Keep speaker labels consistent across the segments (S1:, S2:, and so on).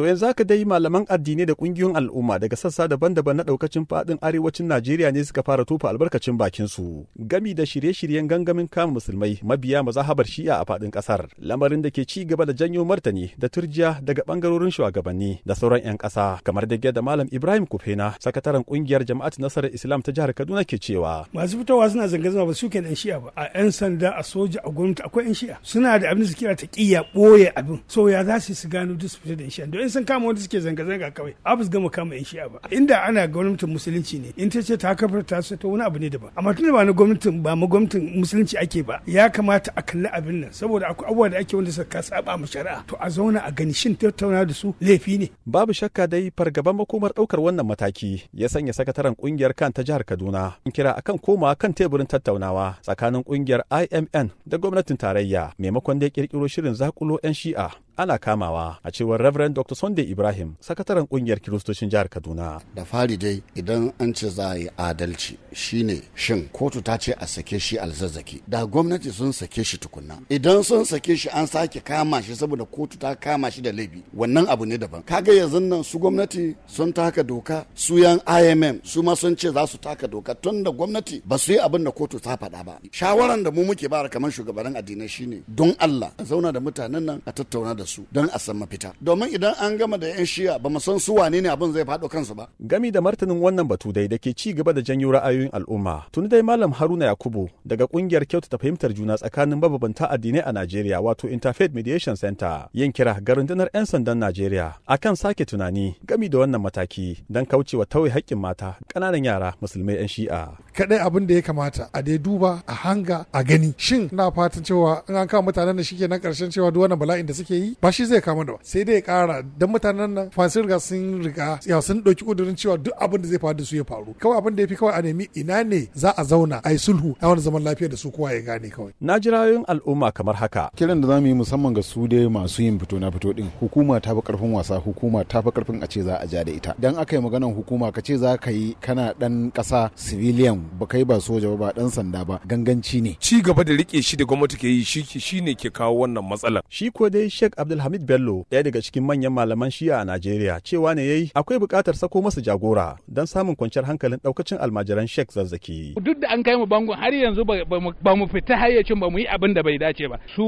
S1: To yanzu haka dai malaman addinai da kungiyoyin al'umma daga sassa daban-daban na daukacin fadin arewacin Najeriya ne suka fara tofa albarkacin bakin su gami da shirye-shiryen gangamin kama musulmai mabiya mazahabar Shi'a a fadin kasar. Lamarin da ke ci gaba da janyo martani da turjiya daga bangarorin shugabanni da sauran 'yan kasa kamar da da malam Ibrahim Kufena sakataren kungiyar Jama'at Nasarar Islam ta jihar Kaduna ke cewa.
S2: Masu fitowa suna zanga-zanga ba su ke ɗan Shi'a ba a 'yan sanda a soja a gwamnati akwai 'yan Shi'a suna da abin da su kira ta ƙiya ɓoye abin so ya za su gano duk su fita da Shi'a sun kama wanda suke zanga-zanga kawai su gama kama yan shi'a ba inda ana gwamnatin musulunci ne in ta ce ta kafar ta ta wani abu ne daban amma tunda ba na gwamnatin ba ma gwamnatin musulunci ake ba ya kamata a kalli abin nan saboda akwai abubuwa da ake wanda suka saba ma shari'a to a zauna a gani shin tattauna da su
S1: laifi ne babu shakka dai fargaban makomar daukar wannan mataki ya sanya sakataren kungiyar kan ta jihar Kaduna in kira akan koma kan teburin tattaunawa tsakanin kungiyar IMN da gwamnatin tarayya maimakon da ya kirkiro shirin zakulo 'yan shi'a ana kamawa a cewar Reverend Dr.
S3: Sunday Ibrahim, sakataren kungiyar Kiristocin jihar Kaduna. Da fari dai idan an ce za a yi adalci shine shin kotu ta ce a sake shi alzazzaki. Da gwamnati sun sake shi tukunna. Idan sun sake shi an sake kama shi saboda kotu ta kama shi da laifi. Wannan abu ne daban. Kaga yanzu nan su gwamnati sun taka doka, su yan IMM su ma sun ce za su taka doka tun da gwamnati ba su yi abin da kotu ta faɗa ba. Shawaran da mu muke bayar kamar shugabannin addinai shine don Allah a zauna da mutanen nan a tattauna da su don a san mafita domin idan an gama da yan shiya ba mu san su wane ne abin zai faɗo kansu ba gami da martanin wannan batu dai da ke ci gaba
S1: da janyo ra'ayoyin al'umma tuni dai malam haruna yakubu daga kungiyar kyautata fahimtar juna tsakanin mabambanta addinai a najeriya wato interfaith mediation center yin kira ga rundunar 'yan sandan najeriya akan sake tunani gami da wannan mataki don kaucewa tauye haƙƙin mata ƙananan yara musulmai 'yan shi'a
S2: kaɗai abin da ya kamata a dai duba a hanga a gani shin na fatan cewa in an kawo mutanen da shike nan ƙarshen cewa duk wannan bala'in da suke yi ba shi zai kama da ba sai dai ya kara dan mutanen nan fa sun riga sun riga ya sun dauki kudurin cewa duk abin da zai faru da su ya faru kawai abin da yafi kawai a nemi ina ne za a zauna a yi sulhu a wani zaman lafiya da su kowa ya gane kawai na ji ra'ayoyin
S3: al'umma kamar haka kiran da zamu yi musamman ga su dai masu yin fito na fito din hukuma ta fi karfin wasa hukuma ta fi karfin a ce za a ja da ita dan aka yi maganan hukuma ka ce za ka yi kana dan kasa civilian ba kai ba soja ba ba dan sanda ba ganganci ne
S2: ci gaba da rike shi da gwamnati ke
S1: yi shi ne ke kawo wannan matsalar shi ko dai shek Abdulhamid Bello, ɗaya daga cikin manyan malaman Shi'a a Najeriya, cewa ne yayi akwai buƙatar sako masa jagora don samun kwanciyar hankalin ɗaukacin almajiran Sheikh Zazzaki.
S4: Duk da an kai mu bangon har yanzu ba mu fita hayyacin ba mu yi abin da bai dace ba. Su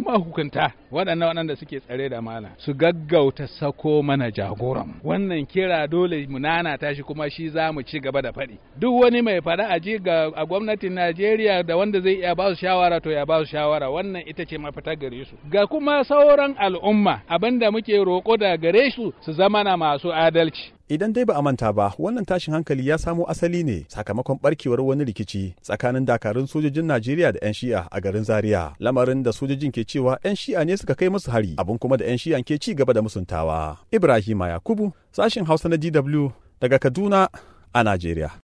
S4: mahukunta waɗannan waɗanda suke tsare da mana. su gaggauta sako mana jagoran. Wannan kira dole mu nana tashi kuma shi za mu ci gaba da faɗi. Duk wani mai faɗa a ji ga gwamnatin Najeriya da wanda zai iya ba su shawara to ya ba su shawara wannan ita ce mafita gare su. Ga kuma sauran al'umma al'umma da muke roƙo da gare su
S1: su zama na masu adalci idan dai ba a manta ba wannan tashin hankali ya samo asali ne sakamakon barkewar wani rikici tsakanin dakarun sojojin najeriya da 'yan shi'a a garin zaria lamarin da sojojin ke cewa 'yan shi'a ne suka kai musu hari abin kuma da 'yan Shia ke ci gaba da musuntawa ibrahima yakubu sashin hausa na dw daga kaduna a najeriya